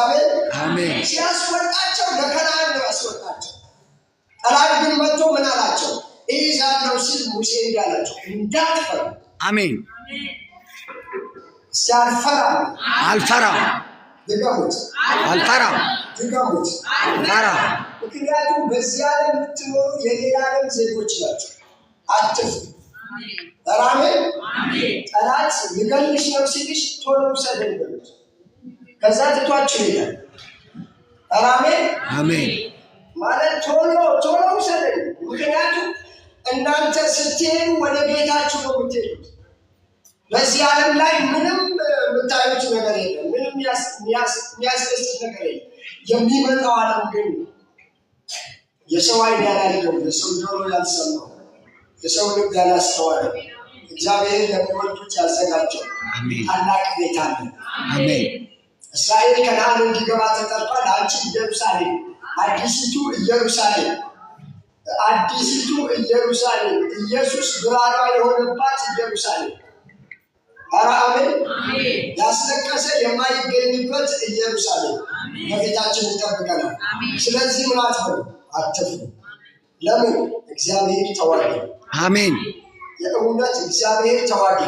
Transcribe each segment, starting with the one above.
አሜን አሜን። ሲያስወጣቸው ነው ያስወጣቸው። ጠላት ግን መጥቶ ምን አላቸው? እይዛለሁ ሲል ሙሴ እንዳላቸው እንዳትፈሩ። አሜን ድገሙት፣ ድገሙት፣ ምክንያቱም በዚህ ዓለም የምትኖሩ የሌላ ዓለም ዜጎች ናቸው። ጠላት ልገልሽ ነው ሲልሽ ቶሎ ከዛ ትቷችን ይላል። አሜን አሜን። ማለት ቶሎ ቶሎ ውሰደኝ፣ ምክንያቱም እናንተ ስትሄዱ ወደ ቤታችሁ ነው የምትሄዱት። በዚህ ዓለም ላይ ምንም የምታዩት ነገር የለም፣ ምንም የሚያስደስት ነገር የለም። የሚመጣው ዓለም ግን የሰው አይን ያላየው የሰው ጆሮ ያልሰማው የሰው ልብ ያላስተዋለ እግዚአብሔር ለሚወዱት ያዘጋጀው ታላቅ ቤት አለ። አሜን እስራኤል ከነዓን እንዲገባ ተጠርቷል። አንቺ ኢየሩሳሌም አዲሲቱ ኢየሩሳሌም አዲሲቱ ኢየሩሳሌም ኢየሱስ ብርሃኗ የሆነባት ኢየሩሳሌም አራአምን ያስለቀሰ የማይገኝበት ኢየሩሳሌም በፊታችን ይጠብቀናል። ስለዚህ ምን ነው አትፍሩ። ለምን እግዚአብሔር ተዋጊ። አሜን። የእውነት እግዚአብሔር ተዋጊ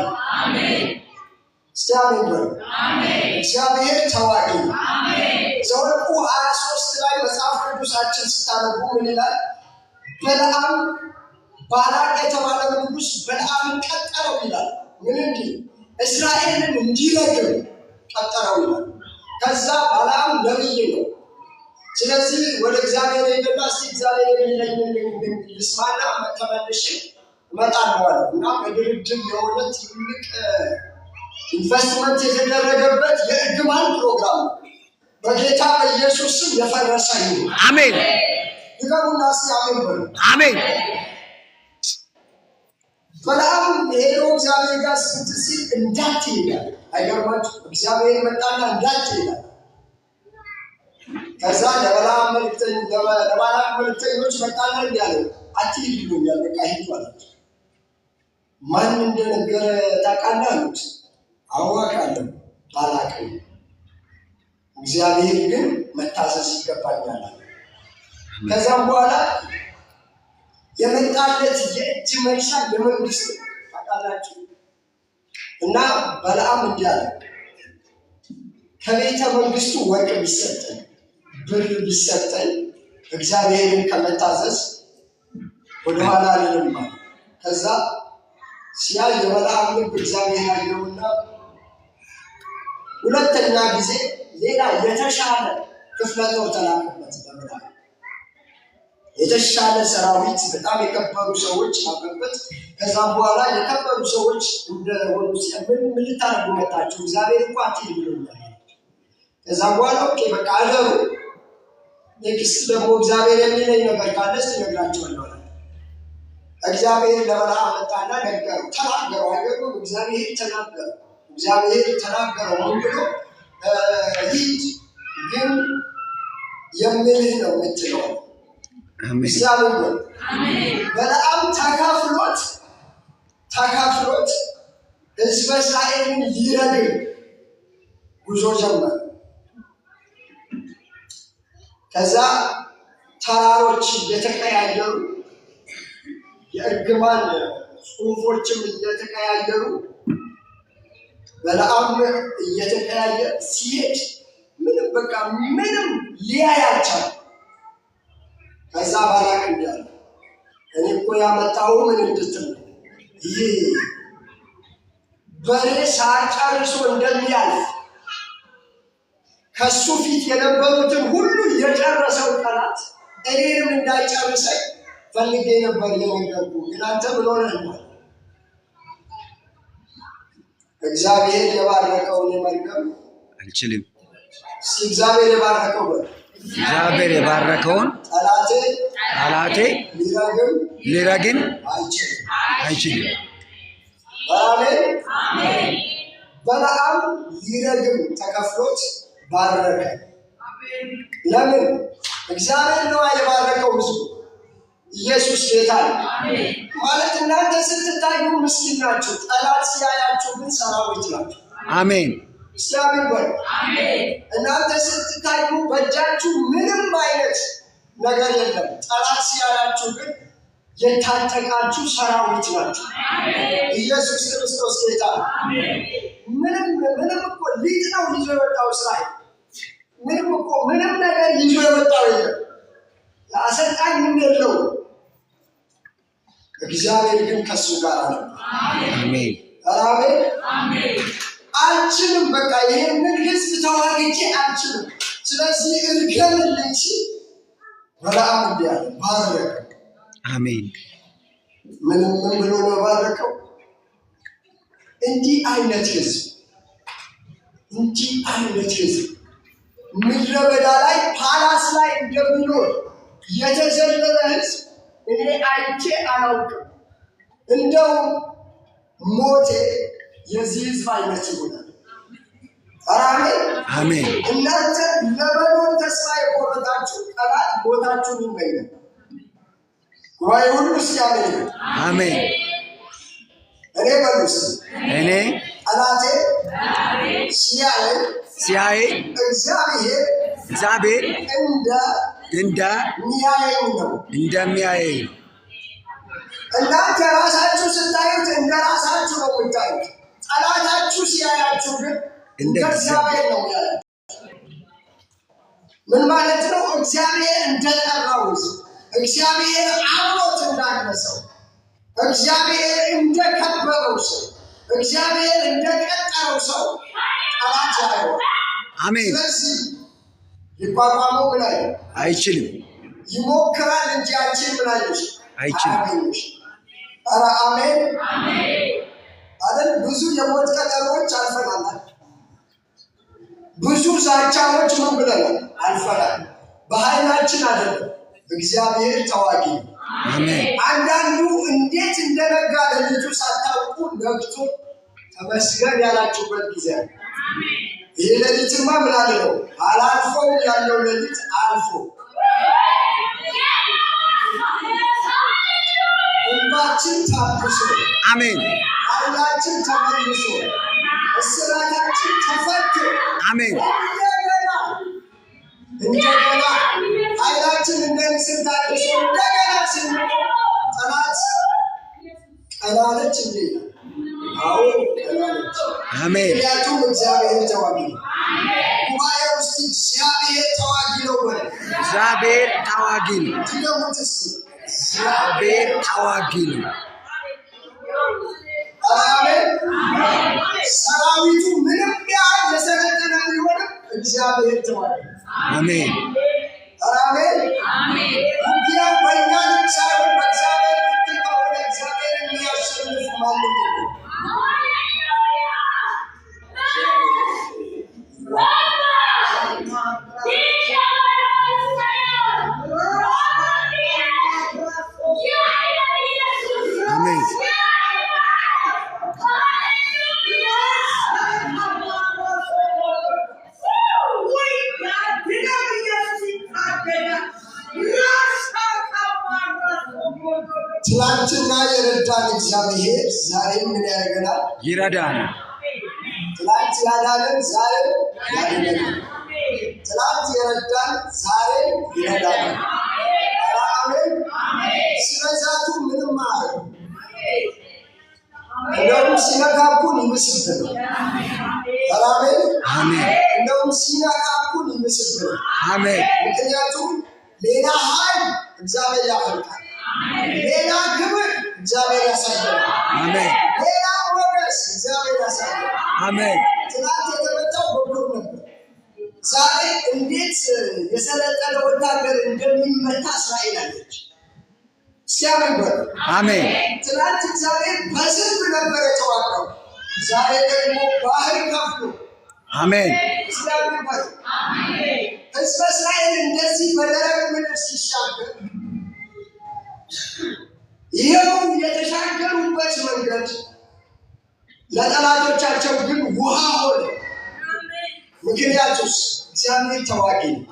እግዚአብሔር እግዚአብሔር ታዋቂ ነው። ዘኍልቍ ሀያ ሶስት ላይ መጽሐፍ ቅዱሳችን ስታነቡ ምን ይላል? በለዓም ባላቅ የተባለ ንጉሥ በለዓምን ቀጠረው ይላል። ምን እንዲህ እስራኤልን እንዲረግም ቀጠረው ይላል። ከዛ ባላም ነብይ ነው። ስለዚህ ወደ እግዚአብሔር ሄደና እስቲ እግዚአብሔር የሚለኝን ልስማና ተመልሼ እመጣለሁ እና በድርድር የሆነ ትልቅ ኢንቨስትመንት የተደረገበት የእርግማን ፕሮግራም በጌታ በኢየሱስ ስም የፈረሰ ይሁን። አሜን። ይገቡና ስ አሜን በሉ። አሜን። በለዓም ሄዶ እግዚአብሔር ጋር ስንት ሲል እንዳት ይላል። አይገርማችሁ! እግዚአብሔር መጣና እንዳት ይላል። ከዛ ለበለዓም መልክተኝ ለባላቅ መልክተኞች መጣና እንዲያለ አትሂድ ብሎኛል፣ በቃ ሂዱ አላቸው። ማን እንደነገረ ታውቃለህ አሉት። አወቃለሁ አላቅም። እግዚአብሔር ግን መታዘዝ ይገባኛል። ከዛም በኋላ የመጣለት የእጅ መልሻ የመንግስት ታውቃላችሁ። እና በለዓም እንዲያለ ከቤተ መንግስቱ ወርቅ ቢሰጠን ብር ቢሰጠን እግዚአብሔርን ከመታዘዝ ወደኋላ አልልም። ከዛ ሲያ የበለዓም ልብ እግዚአብሔር ያየውና ሁለተኛ ጊዜ ሌላ የተሻለ ክፍለ ጦር ተላከበት ይለምዳል። የተሻለ ሰራዊት፣ በጣም የከበሩ ሰዎች ላከበት። ከዛም በኋላ የከበሩ ሰዎች እንደሆኑ ምን ልታደርጉ መጣችሁ? እግዚአብሔር እኮ አትሂድ ብሎኛል። ከዛም በኋላ ኦኬ በቃ አገሩ ንግስት ደግሞ እግዚአብሔር የሚለኝ ነገር ካለስ ትነግራቸው ትነግራቸዋለሁ። እግዚአብሔር ለበረሃ መጣና ነገሩ ተናገሩ፣ አገሩ እግዚአብሔር ተናገሩ እግዚአብሔር ተናገረውን ብሎ ሂድ ግን የምልህ ነው የምትለው እግዚአብሔር በጣም ተካፍሎት ተካፍሎት ህዝበ እስራኤልን ሊረግም ጉዞ ጀመር ከዛ ተራሮች እየተቀያየሩ የእርግማን ጽሁፎችም እየተቀያየሩ በለዓም እየተቀያየ ሲሄድ ምንም በቃ ምንም ሊያያቻል። ከዛ ባላቅ እንዳለ እኔ እኮ ያመጣው ምን እንድትል ይህ በሬ ሳጨርሶ እንደሚያልፍ ከሱ ፊት የነበሩትን ሁሉ የጨረሰው ጠላት እኔንም እንዳይጨርሰኝ ፈልጌ ነበር የነገርኩህ ግን አንተ ምን ሆነህ እግዚአብሔር የባረከውን የመልቀም አልችልም። እግዚአብሔር የባረከው እግዚአብሔር የባረከውን ጠላቴ ጠላቴ ሊረግም አይችልም። አሜን። በለዓም ሊረግም ተከፍሎት ባረከ። ለምን? እግዚአብሔር ነዋ የባረከው ሕዝቡ ኢየሱስ ጌታ ነው ማለት እናንተ ስትታዩ ምስኪን ናችሁ፣ ጠላት ሲያያችሁ ግን ሰራዊት ናችሁ። አሜን እስላሚን ወይ እናንተ ስትታዩ በእጃችሁ ምንም አይነት ነገር የለም፣ ጠላት ሲያያችሁ ግን የታጠቃችሁ ሰራዊት ናችሁ። ኢየሱስ ክርስቶስ ጌታ ምንም ምንም እኮ ሊጥ ነው ይዞ የወጣው ሳይ ምንም እኮ ምንም ነገር ይዞ የወጣው የለም። ምን የለውም እግዚአብሔር ግን ከሱ ጋር ነበር። አሜን። አልችልም፣ በቃ ይህንን ህዝብ ተዋግቼ አልችልም። ስለዚህ እርገምልች በለዓም እንዲያለ ባረከ። አሜን። ምንም ምን ብሎ ነው እንዲህ አይነት ህዝብ እንዲህ አይነት ህዝብ ምድረ በዳ ላይ ፓላስ ላይ እንደሚኖር የተዘለለ ህዝብ እኔ አይቼ አላውቅም። እንደው ሞቴ የዚህ ህዝብ አይነት ይሆናል። አሜን አሜን። እናንተ ለመኖር ተስፋ የቆረጣችሁ ጠላት ቦታችሁን ይመኛል። ጉባኤ ሁሉ እስኪ አሜን እኔ መልስ እኔ ጠላቴ ሲያይ ሲያይ እግዚአብሔር እግዚአብሔር እንደ እንደ እንደሚያየኝ ነው። እናንተ ራሳችሁ ስታዩት እንደ ራሳችሁ ነው የምታዩት። ጠላታችሁ ሲያያችሁ ግን እንደ እግዚአብሔር ነው። ምን ማለት ነው? እግዚአብሔር እንደጠራው እግዚአብሔር አብሮት እንዳለ ሰው እግዚአብሔር እንደከበረው ሰው እግዚአብሔር እንደቀጠረው ሰው ጠላት ያየዋል። አሜን። ሊቋቋሙ ብላል አይችልም። ይሞክራል እንጂ አንቺን ብላለች አይችልም። ኧረ አሜን አይደል? ብዙ የሞት ቀጠሮች አልፈናል። ብዙ ዛቻዎች ምን ብለናል አልፈናል። በኃይላችን አይደለም፣ እግዚአብሔር ተዋጊ ነው። አንዳንዱ እንዴት እንደነጋ ለልጁ ሳታውቁ ነግቶ ተመስገን ያላችሁበት ጊዜ ነው። ይህ ለልጅማ ምን አለ ነው አላልፈው ያለው ለልጅ አልፎ ሁላችን ታብሶ አሜን። ኃይላችን ተመልሶ እስራታችን ተፈቶ አሜን። እንደገና ኃይላችን እንደ ምስል ታድሶ እንደገና ሲሆን ጠላት ቀላለች እንዴ? አሁን አሜን። ምክንያቱም እግዚአብሔር ተዋጊ ነው። ጉባኤ ውስጥ እግዚአብሔር ተዋጊ ነው። እግዚአብሔር ተዋጊ ነው። እግዚአብሔር ተዋጊ ነው። ሰራዊቱ ምንም ያህል የሰለጠነ ቢሆንም እግዚአብሔር ተዋጊ አሜን። አሜን። የረዳን እግዚአብሔር ዛሬም ምን ያደርገናል? ይረዳል። ትናንት ያዳነን ዛሬ ያድነናል። ትናንት የረዳን ዛሬ ይረዳናል። አሜን። ስለዛቱ ምንም አለ እንደውም ሲነካኩን ይመስብናል። አሜን። እንደውም ሲነካኩን ይመስብናል። አሜን። ምክንያቱም ሌላ ኃይል እግዚአብሔር ያፈልቃል ሌላ እግዚአብሔር ያሳያል። ሌላ ሞገስ እግዚአብሔር ያሳያል። ትናንት የተመታው በብሎክ ነበር። ዛሬ እንዴት የሰለጠነ ወታደር እንደሚመታ እስራኤል አለች። ሲያምንበት አሜን። ትናንት እግዚአብሔር በዝብ ነበር የተዋጋው። ዛሬ ደግሞ ባህር ከፍሎ አሜን። ሲያምንበት ህዝበ እስራኤል እንደዚህ በደረቅ ምድር ሲሻገር ይኸው የተሻገሩበት መንገድ ለጠላቶቻቸው ግን ውሃ ሆነ። ምክንያቱስ እግዚአብሔር ተዋጊ ነው።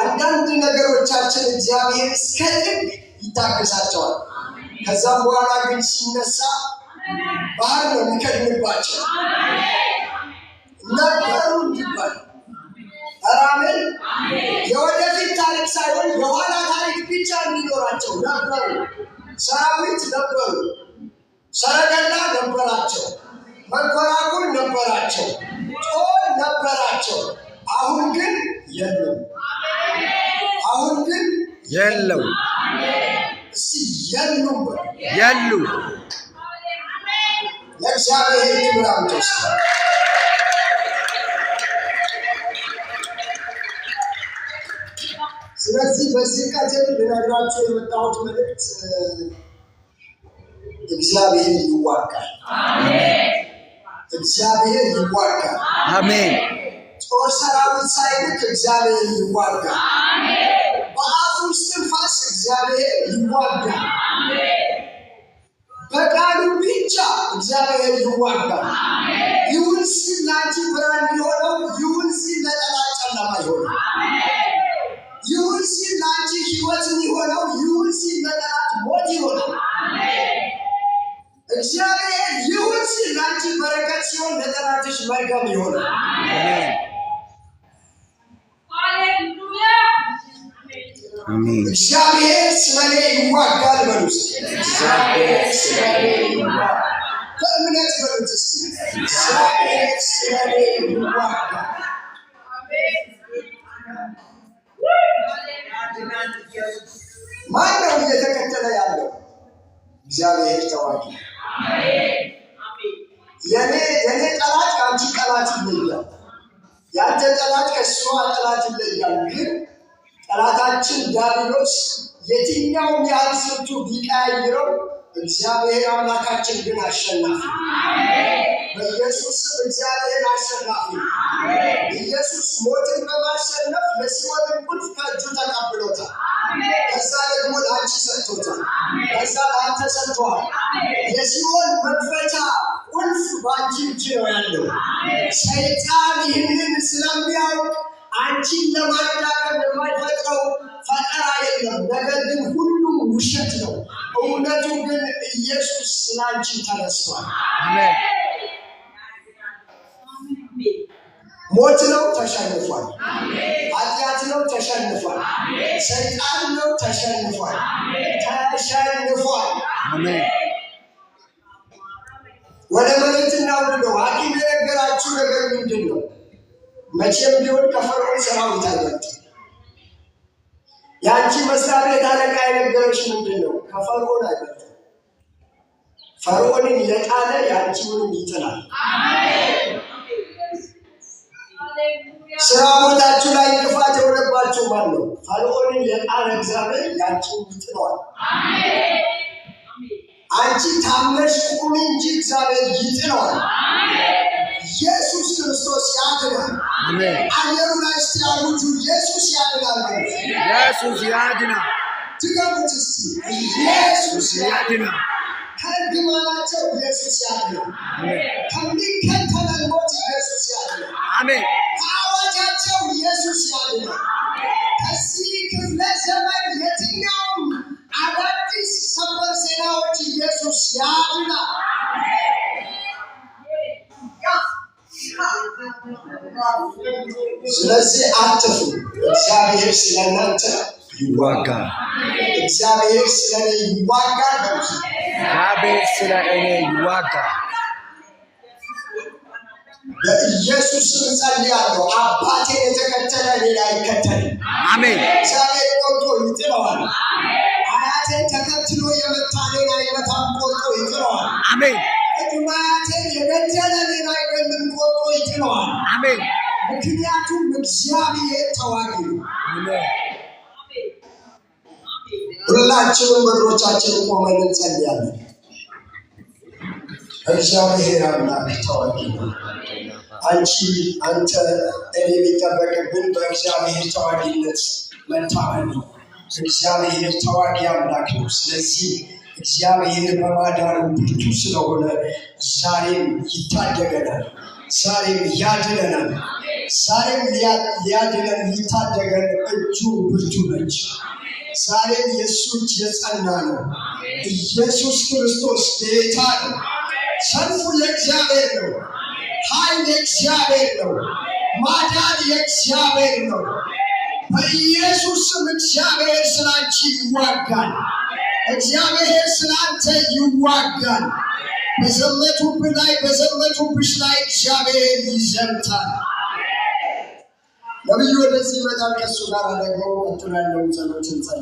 አንዳንድ ነገሮቻችን እግዚአብሔር እስከ ጥግ ይታገሳቸዋል። ከዛም በኋላ ግን ሲነሳ ባህር ነው የሚከድምባቸው ነበሩ እንዲባል ራምን የወደፊት ታሪክ ሳይሆን የኋላ ብቻ እንዲኖራቸው ነበሩ። ሰራዊት ነበሩ፣ ሰረገላ ነበራቸው፣ መንኮራኩር ነበራቸው፣ ጦር ነበራቸው። አሁን ግን የለም። አሁን ግን የለው። እስቲ የሉ የሉ ለእግዚአብሔር ክብር አምጡ። ስለዚህ በዚህ ቀትር ልነግራቸው የመጣሁት መልእክት እግዚአብሔር ይዋጋል። እግዚአብሔር ይዋጋል። አሜን። ጦር ሰራዊት ሳይልክ እግዚአብሔር ይዋጋል። በአፍ ውስጥ ንፋስ እግዚአብሔር ይዋጋል። በቃሉ ብቻ እግዚአብሔር ይዋጋል። ይሁን ሲል ለአንቺ ብርሃን የሆነው ይሁን ሲል ለጠላት ጨለማ ይሆነው። ህይወት የሚሆነው ይሁን ሲል ሞት ይሆናል። እግዚአብሔር ይሁን ሲል ለአንቺ በረከት ሲሆን ለጠላትሽ መርገም ይሆናል። እግዚአብሔር ስለኔ ይዋጋል በሉስ። በእምነት በሉት። እግዚአብሔር ስለኔ ይዋጋል ማን ነው እየተከተለ ያለው? እግዚአብሔር ተዋጊ። የኔ ጠላት ከአንቺ ጠላት ይለያል። ያንተ ጠላት ከእሷ ጠላት ይለያል። ግን ጠላታችን ዲያብሎስ የትኛውም ያህል ስንቱ ቢቀያይረው እግዚአብሔር አምላካችን ግን አሸናፊ። በኢየሱስ ስም እግዚአብሔር አሸናፊ ተከፍቷል። የሲኦል መክፈቻ ቁልፍ በአንቺ እጅ ነው ያለው። ሰይጣን ይህንን ስለሚያውቅ አንቺን ለማዳቀር የማይፈጥረው ፈጠራ የለም። ነገር ግን ሁሉም ውሸት ነው። እውነቱ ግን ኢየሱስ ስላንቺ ተነስቷል። ሞት ነው ተሸንፏል። ኃጢአት ነው ተሸንፏል። ሰይጣን ነው ተሸንፏል። ተሸንፏል። ወደ መሬት እናውርደው። ሐኪም የነገራችሁ ነገር ምንድን ነው? መቼም ቢሆን ከፈርዖን ሰራዊት አለት የአንቺ መስሪያ ቤት አለቃ የነገረች ምንድን ነው? ከፈርዖን አይበልጥም። ፈርዖንን የጣለ የአንቺውንም ይጥላል። በስራ ላይ እንቅፋት የሆነባችሁ ማን ነው? ፈርዖንን የቃል እግዚአብሔር ያንቺን ይጥለዋል። አንቺ ታመሽ ቁሚ እንጂ እግዚአብሔር ይጥለዋል። ኢየሱስ ክርስቶስ ያድናል። አየሩ ላይ እስቲ ያሉት ኢየሱስ ያድናል። ኢየሱስ ያድናል። ትገቡት እስቲ ኢየሱስ ያድናል። ከእርግማናቸው ኢየሱስ ያድናል። ከሚከተለን ሞት ኢየሱስ ያድናል። አሜን ስለዚህ አትፍሩ፣ እግዚአብሔር ስለ እናንተ ይዋጋል። እግዚአብሔር ስለ እኔ ይዋጋል። እግዚአብሔር ስለ እኔ ይዋጋል። በኢየሱስ ስም ጸልያለሁ። አባቴን የተከተለ ሌላ አይከተልም። አሜን። እግዚአብሔር ቆርጦ ይጥለዋል። አያቴን ተከትሎ የመጣ ሌላ አይመታም፣ ቆርጦ ይጥለዋል። አሜን። ቅድመ አያቴን የገደለ ሌላ አይገድልም፣ ቆርጦ ይጥለዋል። አሜን። ምክንያቱም እግዚአብሔር ተዋጊ ነው። ሁላችንም በሮቻችን ቆመን እንጸልያለን። እግዚአብሔር አምላክ ተዋጊ ነው። አንቺ፣ አንተ፣ እኔ የሚጠበቅብን በእግዚአብሔር ተዋጊነት መታመን ነው። እግዚአብሔር ተዋጊ አምላክ ነው። ስለዚህ እግዚአብሔር በማዳሩ ብርቱ ስለሆነ ዛሬም ይታደገናል፣ ዛሬም ያድነናል። ዛሬም ሊያድነን ሊታደገን እጁ ብርቱ ነች። ዛሬም የእሱ እጅ የጸና ነው። ኢየሱስ ክርስቶስ ጌታ ነው። ሰልፉ የእግዚአብሔር ነው። ኃይል የእግዚአብሔር ነው። ማዳን የእግዚአብሔር ነው። በኢየሱስም እግዚአብሔር ስላንቺ ይዋጋል። እግዚአብሔር ስላንተ ይዋጋል። በዘመቱብ ላይ በዘመቱብሽ ላይ እግዚአብሔር ይዘምታል። ነብዩ ወደዚህ ይመጣል። ከእሱ ጋር ደግሞ ቀጥሎ ያለውን ጸሎች እንጸል